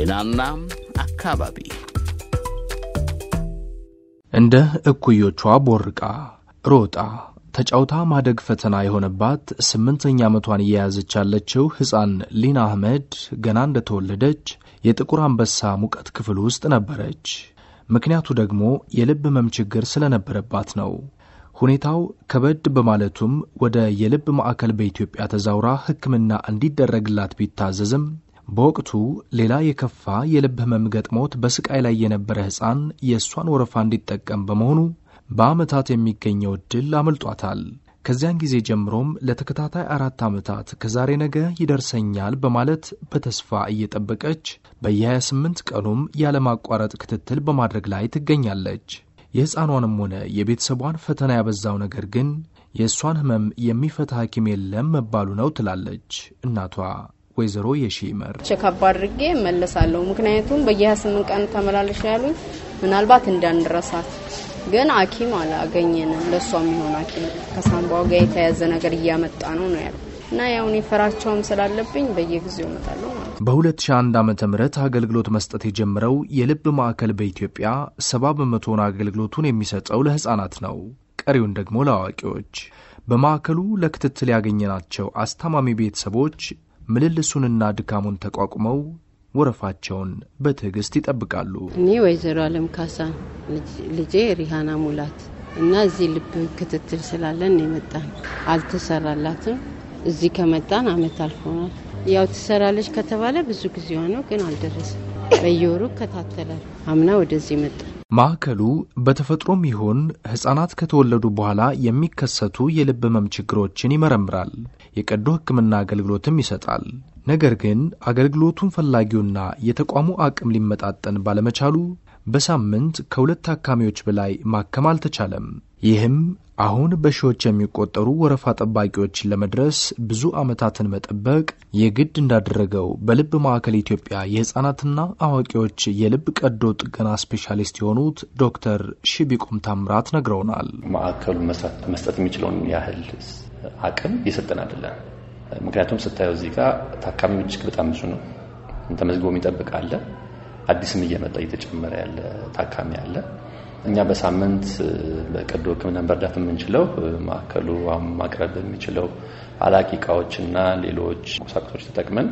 ጤናና አካባቢ እንደ እኩዮቿ ቦርቃ ሮጣ ተጫውታ ማደግ ፈተና የሆነባት ስምንተኛ ዓመቷን እየያዘች ያለችው ሕፃን ሊና አህመድ ገና እንደተወለደች የጥቁር አንበሳ ሙቀት ክፍል ውስጥ ነበረች። ምክንያቱ ደግሞ የልብ ህመም ችግር ስለነበረባት ነው። ሁኔታው ከበድ በማለቱም ወደ የልብ ማዕከል በኢትዮጵያ ተዛውራ ሕክምና እንዲደረግላት ቢታዘዝም በወቅቱ ሌላ የከፋ የልብ ህመም ገጥሞት በስቃይ ላይ የነበረ ሕፃን የእሷን ወረፋ እንዲጠቀም በመሆኑ በዓመታት የሚገኘው ዕድል አመልጧታል። ከዚያን ጊዜ ጀምሮም ለተከታታይ አራት ዓመታት ከዛሬ ነገ ይደርሰኛል በማለት በተስፋ እየጠበቀች በየ28 ቀኑም ያለማቋረጥ ክትትል በማድረግ ላይ ትገኛለች። የሕፃኗንም ሆነ የቤተሰቧን ፈተና ያበዛው ነገር ግን የእሷን ህመም የሚፈታ ሐኪም የለም መባሉ ነው ትላለች እናቷ። ወይዘሮ የሺመር ቼካፕ አድርጌ መለሳለሁ። ምክንያቱም በየ ቀን ተመላለሽ ያሉኝ ምናልባት እንዳንረሳት ግን ሐኪም አላገኘንም። ለእሷ የሚሆን ሐኪም ከሳምባ ጋ የተያዘ ነገር እያመጣ ነው ነው ያለ እና ያሁን የፈራቸውም ስላለብኝ በየጊዜው እመጣለሁ ማለት ነው። በ2001 ዓ ም አገልግሎት መስጠት የጀመረው የልብ ማዕከል በኢትዮጵያ ሰባ በመቶውን አገልግሎቱን የሚሰጠው ለህፃናት ነው፣ ቀሪውን ደግሞ ለአዋቂዎች። በማዕከሉ ለክትትል ያገኘናቸው አስታማሚ ቤተሰቦች ምልልሱንና ድካሙን ተቋቁመው ወረፋቸውን በትዕግስት ይጠብቃሉ። እኔ ወይዘሮ አለም ካሳ ልጄ ሪሃና ሙላት እና እዚህ ልብ ክትትል ስላለን የመጣን አልተሰራላትም። እዚህ ከመጣን አመት አልፎናል። ያው ትሰራለች ከተባለ ብዙ ጊዜ ሆነው ግን አልደረሰም። በየወሩ እከታተላል። አምና ወደዚህ መጣ። ማዕከሉ በተፈጥሮም ይሁን ሕፃናት ከተወለዱ በኋላ የሚከሰቱ የልብ ህመም ችግሮችን ይመረምራል። የቀዶ ህክምና አገልግሎትም ይሰጣል። ነገር ግን አገልግሎቱን ፈላጊውና የተቋሙ አቅም ሊመጣጠን ባለመቻሉ በሳምንት ከሁለት ታካሚዎች በላይ ማከም አልተቻለም። ይህም አሁን በሺዎች የሚቆጠሩ ወረፋ ጠባቂዎችን ለመድረስ ብዙ ዓመታትን መጠበቅ የግድ እንዳደረገው በልብ ማዕከል ኢትዮጵያ የሕፃናትና አዋቂዎች የልብ ቀዶ ጥገና ስፔሻሊስት የሆኑት ዶክተር ሺቢቁም ታምራት ነግረውናል። ማዕከሉ መስጠት የሚችለውን ያህል አቅም እየሰጠን አይደለም። ምክንያቱም ስታየው እዚህ ጋር ታካሚዎች በጣም ብዙ ነው። ተመዝግቦ ይጠብቃለ። አዲስም እየመጣ እየተጨመረ ያለ ታካሚ አለ። እኛ በሳምንት በቀዶ ሕክምና መርዳት የምንችለው ማዕከሉ ማቅረብ የሚችለው አላቂ እቃዎችና ሌሎች ቁሳቁሶች ተጠቅመን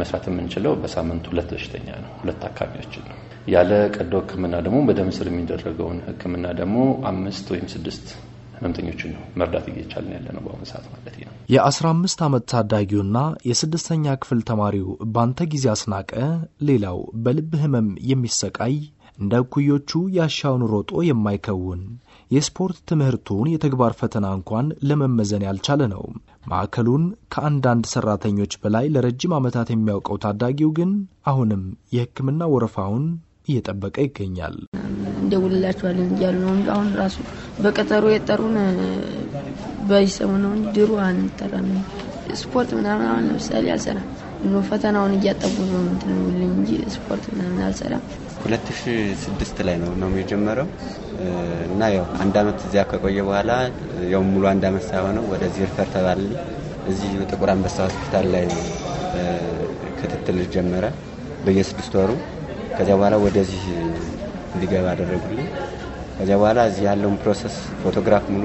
መስራት የምንችለው በሳምንት ሁለት በሽተኛ ነው፣ ሁለት ታካሚዎችን ነው። ያለ ቀዶ ሕክምና ደግሞ በደም ስር የሚደረገውን ሕክምና ደግሞ አምስት ወይም ስድስት ህመምተኞችን ነው መርዳት እየቻልን ያለ ነው በአሁኑ ሰዓት ማለት ነው። የአስራ አምስት ዓመት ታዳጊውና የስድስተኛ ክፍል ተማሪው በአንተ ጊዜ አስናቀ ሌላው በልብ ህመም የሚሰቃይ እንደ እኩዮቹ ያሻውን ሮጦ የማይከውን የስፖርት ትምህርቱን የተግባር ፈተና እንኳን ለመመዘን ያልቻለ ነው። ማዕከሉን ከአንዳንድ ሰራተኞች በላይ ለረጅም ዓመታት የሚያውቀው ታዳጊው ግን አሁንም የሕክምና ወረፋውን እየጠበቀ ይገኛል። እንደውልላችኋለን እያሉ ነው እንጂ አሁን ራሱ በቀጠሮ የጠሩን በይሰሙ ነው እንጂ ድሮ አንጠራም። ስፖርት ምናምን አሁን ለምሳሌ አልሰራም። ፈተናውን እያጠቡ ነው እንትን እንጂ ስፖርት ምናምን አልሰራም። ሁለት ሺ ስድስት ላይ ነው ነው የጀመረው እና ያው አንድ አመት እዚያ ከቆየ በኋላ ያው ሙሉ አንድ አመት ሳይሆነው ወደዚህ ሪፈር ተባለ። እዚህ ጥቁር አንበሳ ሆስፒታል ላይ ክትትል ጀመረ በየስድስት ወሩ። ከዚያ በኋላ ወደዚህ እንዲገባ አደረጉልኝ። ከዚያ በኋላ እዚህ ያለውን ፕሮሰስ ፎቶግራፍ ሙሉ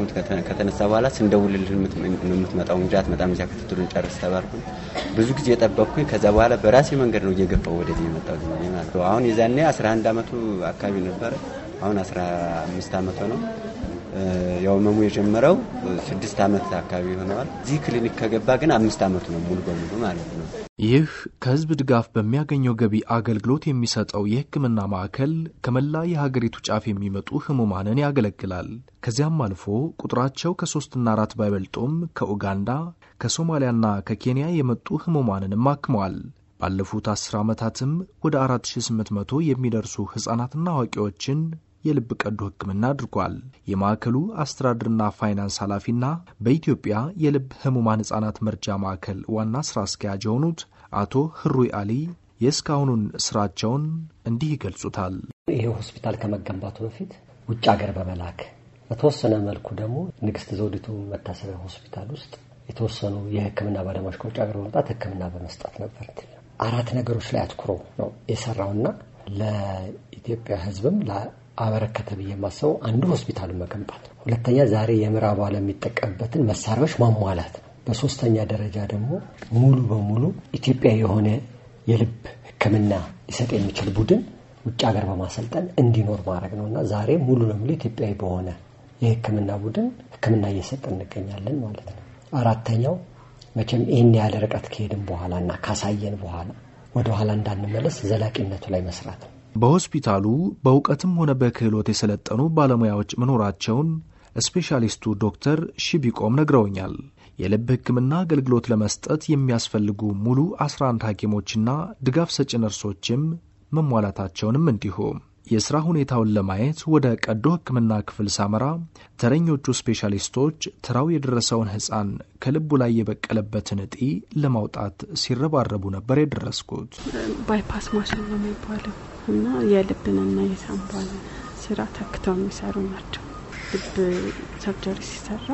ከተነሳ በኋላ ስንደውልልህ ነው የምትመጣው እንጂ አትመጣም፣ እዚያ ክትትሉ ጨርስ ተባልኩኝ። ብዙ ጊዜ የጠበቅኩኝ። ከዛ በኋላ በራሴ መንገድ ነው እየገፋው ወደዚህ የመጣው ማለት አሁን የዛኔ 11 ዓመቱ አካባቢ ነበረ። አሁን 15 አመቱ ነው። ያው መሙ የጀመረው ስድስት ዓመት አካባቢ ሆነዋል። እዚህ ክሊኒክ ከገባ ግን አምስት ዓመቱ ነው ሙሉ በሙሉ ማለት ነው። ይህ ከህዝብ ድጋፍ በሚያገኘው ገቢ አገልግሎት የሚሰጠው የህክምና ማዕከል ከመላ የሀገሪቱ ጫፍ የሚመጡ ህሙማንን ያገለግላል። ከዚያም አልፎ ቁጥራቸው ከሶስትና አራት ባይበልጡም ከኡጋንዳ ከሶማሊያና ከኬንያ የመጡ ህሙማንንም አክመዋል። ባለፉት አስር ዓመታትም ወደ 4800 የሚደርሱ ሕፃናትና አዋቂዎችን የልብ ቀዶ ሕክምና አድርጓል። የማዕከሉ አስተዳደርና ፋይናንስ ኃላፊና በኢትዮጵያ የልብ ህሙማን ህጻናት መርጃ ማዕከል ዋና ስራ አስኪያጅ የሆኑት አቶ ህሩይ አሊ የእስካሁኑን ስራቸውን እንዲህ ይገልጹታል። ይሄ ሆስፒታል ከመገንባቱ በፊት ውጭ ሀገር በመላክ በተወሰነ መልኩ ደግሞ ንግስት ዘውዲቱ መታሰቢያ ሆስፒታል ውስጥ የተወሰኑ የህክምና ባለሙያዎች ከውጭ ሀገር በመምጣት ህክምና በመስጠት ነበር። አራት ነገሮች ላይ አትኩሮ ነው የሰራውና ለኢትዮጵያ ህዝብም አበረከተ ብዬ የማስበው አንዱ ሆስፒታል መገንባት ሁለተኛ ዛሬ የምዕራብ ዓለም የሚጠቀምበትን መሳሪያዎች ማሟላት ነው። በሶስተኛ ደረጃ ደግሞ ሙሉ በሙሉ ኢትዮጵያ የሆነ የልብ ሕክምና ሊሰጥ የሚችል ቡድን ውጭ ሀገር በማሰልጠን እንዲኖር ማድረግ ነው እና ዛሬ ሙሉ ለሙሉ ኢትዮጵያዊ በሆነ የሕክምና ቡድን ሕክምና እየሰጠ እንገኛለን ማለት ነው። አራተኛው መቼም ይህን ያለ ርቀት ከሄድን በኋላ እና ካሳየን በኋላ ወደኋላ እንዳንመለስ ዘላቂነቱ ላይ መስራት ነው። በሆስፒታሉ በእውቀትም ሆነ በክህሎት የሰለጠኑ ባለሙያዎች መኖራቸውን ስፔሻሊስቱ ዶክተር ሺቢቆም ነግረውኛል። የልብ ሕክምና አገልግሎት ለመስጠት የሚያስፈልጉ ሙሉ 11 ሐኪሞችና ድጋፍ ሰጪ ነርሶችም መሟላታቸውንም እንዲሁም የሥራ ሁኔታውን ለማየት ወደ ቀዶ ሕክምና ክፍል ሳመራ ተረኞቹ ስፔሻሊስቶች ትራው የደረሰውን ሕፃን ከልቡ ላይ የበቀለበትን እጢ ለማውጣት ሲረባረቡ ነበር የደረስኩት። ባይፓስ ማሽን ነው የሚባለው እና የልብንና የሳምባን ስራ ተክተው የሚሰሩ ናቸው። ልብ ሰርጀሪ ሲሰራ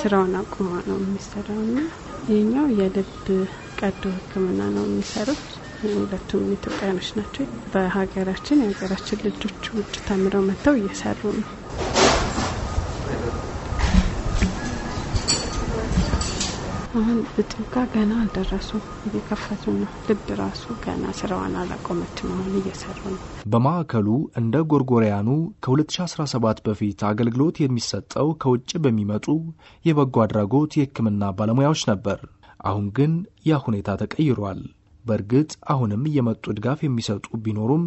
ስራውን አቁማ ነው የሚሰራው እና ይህኛው የልብ ቀዶ ሕክምና ነው የሚሰሩት ሁለቱም ኢትዮጵያኖች ናቸው። በሀገራችን የሀገራችን ልጆች ውጭ ተምረው መጥተው እየሰሩ ነው። አሁን ብትም ገና አልደረሱ እየከፈቱ ነው። ልብ ራሱ ገና ስራዋን አላቆመችም፣ አሁን እየሰሩ ነው። በማዕከሉ እንደ ጎርጎሪያኑ ከ2017 በፊት አገልግሎት የሚሰጠው ከውጭ በሚመጡ የበጎ አድራጎት የሕክምና ባለሙያዎች ነበር። አሁን ግን ያ ሁኔታ ተቀይሯል። በእርግጥ አሁንም እየመጡ ድጋፍ የሚሰጡ ቢኖሩም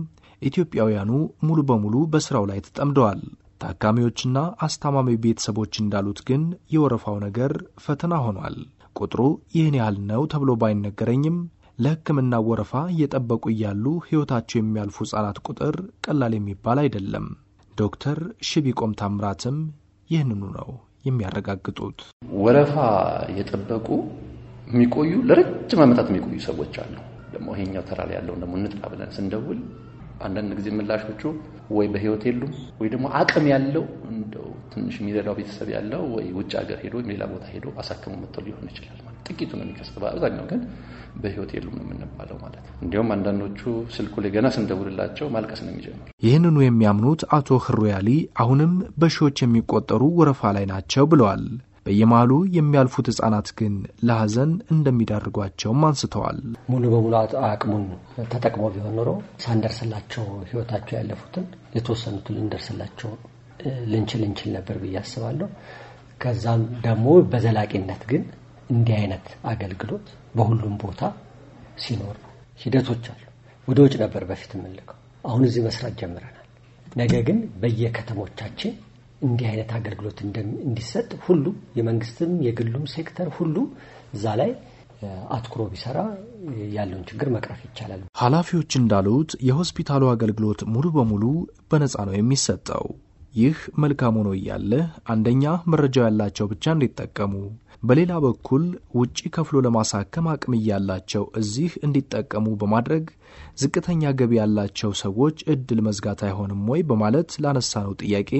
ኢትዮጵያውያኑ ሙሉ በሙሉ በስራው ላይ ተጠምደዋል። ታካሚዎችና አስታማሚ ቤተሰቦች እንዳሉት ግን የወረፋው ነገር ፈተና ሆኗል። ቁጥሩ ይህን ያህል ነው ተብሎ ባይነገረኝም ለሕክምና ወረፋ እየጠበቁ እያሉ ሕይወታቸው የሚያልፉ ሕፃናት ቁጥር ቀላል የሚባል አይደለም። ዶክተር ሽቢቆም ታምራትም ይህንኑ ነው የሚያረጋግጡት። ወረፋ የጠበቁ የሚቆዩ ለረጅም ዓመታት የሚቆዩ ሰዎች አሉ። ደግሞ ይሄኛው ተራ ላይ ያለውን ደግሞ እንጥራ ብለን ስንደውል አንዳንድ ጊዜ ምላሾቹ ወይ በህይወት የሉም ወይ ደግሞ አቅም ያለው እንደው ትንሽ የሚረዳው ቤተሰብ ያለው ወይ ውጭ ሀገር ሄዶ ሌላ ቦታ ሄዶ አሳክሞ መጥተው ሊሆን ይችላል። ማለት ጥቂቱ ነው የሚከስበ፣ አብዛኛው ግን በህይወት የሉም ነው የምንባለው ማለት እንዲሁም አንዳንዶቹ ስልኩ ላይ ገና ስንደውልላቸው ማልቀስ ነው የሚጀምሩ። ይህንኑ የሚያምኑት አቶ ህሩያሊ አሁንም በሺዎች የሚቆጠሩ ወረፋ ላይ ናቸው ብለዋል። በየመሃሉ የሚያልፉት ህጻናት ግን ለሐዘን እንደሚዳርጓቸውም አንስተዋል። ሙሉ በሙሉ አቅሙን ተጠቅሞ ቢሆን ኖሮ ሳንደርስላቸው ህይወታቸው ያለፉትን የተወሰኑትን ልንደርስላቸው ልንችል እንችል ነበር ብዬ አስባለሁ። ከዛም ደግሞ በዘላቂነት ግን እንዲህ አይነት አገልግሎት በሁሉም ቦታ ሲኖር ሂደቶች አሉ። ወደ ውጭ ነበር በፊት የምንልከው፣ አሁን እዚህ መስራት ጀምረናል። ነገ ግን በየከተሞቻችን እንዲህ አይነት አገልግሎት እንዲሰጥ ሁሉም የመንግስትም የግሉም ሴክተር ሁሉም እዛ ላይ አትኩሮ ቢሰራ ያለውን ችግር መቅረፍ ይቻላል። ኃላፊዎች እንዳሉት የሆስፒታሉ አገልግሎት ሙሉ በሙሉ በነፃ ነው የሚሰጠው። ይህ መልካም ሆኖ እያለ አንደኛ መረጃው ያላቸው ብቻ እንዲጠቀሙ፣ በሌላ በኩል ውጪ ከፍሎ ለማሳከም አቅም እያላቸው እዚህ እንዲጠቀሙ በማድረግ ዝቅተኛ ገቢ ያላቸው ሰዎች እድል መዝጋት አይሆንም ወይ በማለት ላነሳነው ጥያቄ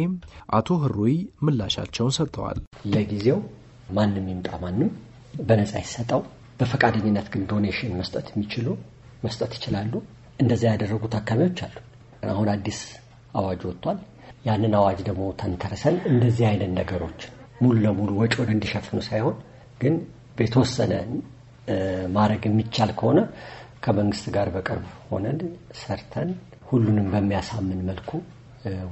አቶ ህሩይ ምላሻቸውን ሰጥተዋል። ለጊዜው ማንም ይምጣ ማንም በነጻ ይሰጠው፣ በፈቃደኝነት ግን ዶኔሽን መስጠት የሚችሉ መስጠት ይችላሉ። እንደዚያ ያደረጉት አካባቢዎች አሉ። አሁን አዲስ አዋጅ ወጥቷል። ያንን አዋጅ ደግሞ ተንተርሰን እንደዚህ አይነት ነገሮች ሙሉ ለሙሉ ወጪውን እንዲሸፍኑ ሳይሆን ግን በተወሰነ ማድረግ የሚቻል ከሆነ ከመንግስት ጋር በቅርብ ሆነን ሰርተን ሁሉንም በሚያሳምን መልኩ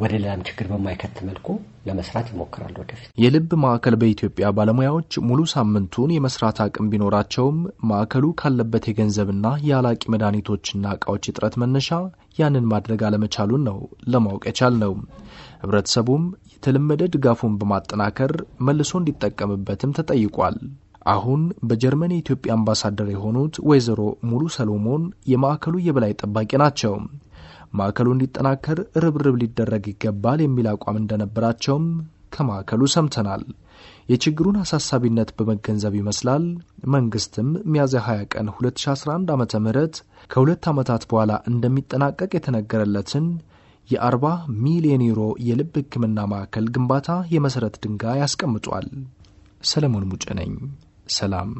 ወደ ሌላም ችግር በማይከት መልኩ ለመስራት ይሞክራል። ወደፊት የልብ ማዕከል በኢትዮጵያ ባለሙያዎች ሙሉ ሳምንቱን የመስራት አቅም ቢኖራቸውም ማዕከሉ ካለበት የገንዘብና የአላቂ መድኃኒቶችና እቃዎች እጥረት መነሻ ያንን ማድረግ አለመቻሉን ነው ለማወቅ የቻልነው። ህብረተሰቡም የተለመደ ድጋፉን በማጠናከር መልሶ እንዲጠቀምበትም ተጠይቋል። አሁን በጀርመን የኢትዮጵያ አምባሳደር የሆኑት ወይዘሮ ሙሉ ሰሎሞን የማዕከሉ የበላይ ጠባቂ ናቸው። ማዕከሉ እንዲጠናከር ርብርብ ሊደረግ ይገባል የሚል አቋም እንደነበራቸውም ከማዕከሉ ሰምተናል። የችግሩን አሳሳቢነት በመገንዘብ ይመስላል መንግስትም ሚያዝያ 20 ቀን 2011 ዓ ም ከሁለት ዓመታት በኋላ እንደሚጠናቀቅ የተነገረለትን የ40 ሚሊዮን ዩሮ የልብ ሕክምና ማዕከል ግንባታ የመሠረት ድንጋይ አስቀምጧል። ሰለሞን ሙጭ ነኝ። ሰላም።